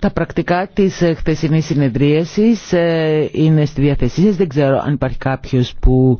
Τα πρακτικά της ε, χθεσινής συνεδρίασης ε, είναι στη διαθεσή Δεν ξέρω αν υπάρχει κάποιος που